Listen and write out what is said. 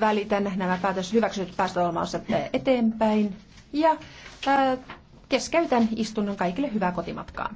välitän nämä päätös, hyväksytyt päästöohjelmansa eteenpäin ja keskeytän istunnon kaikille hyvää kotimatkaa.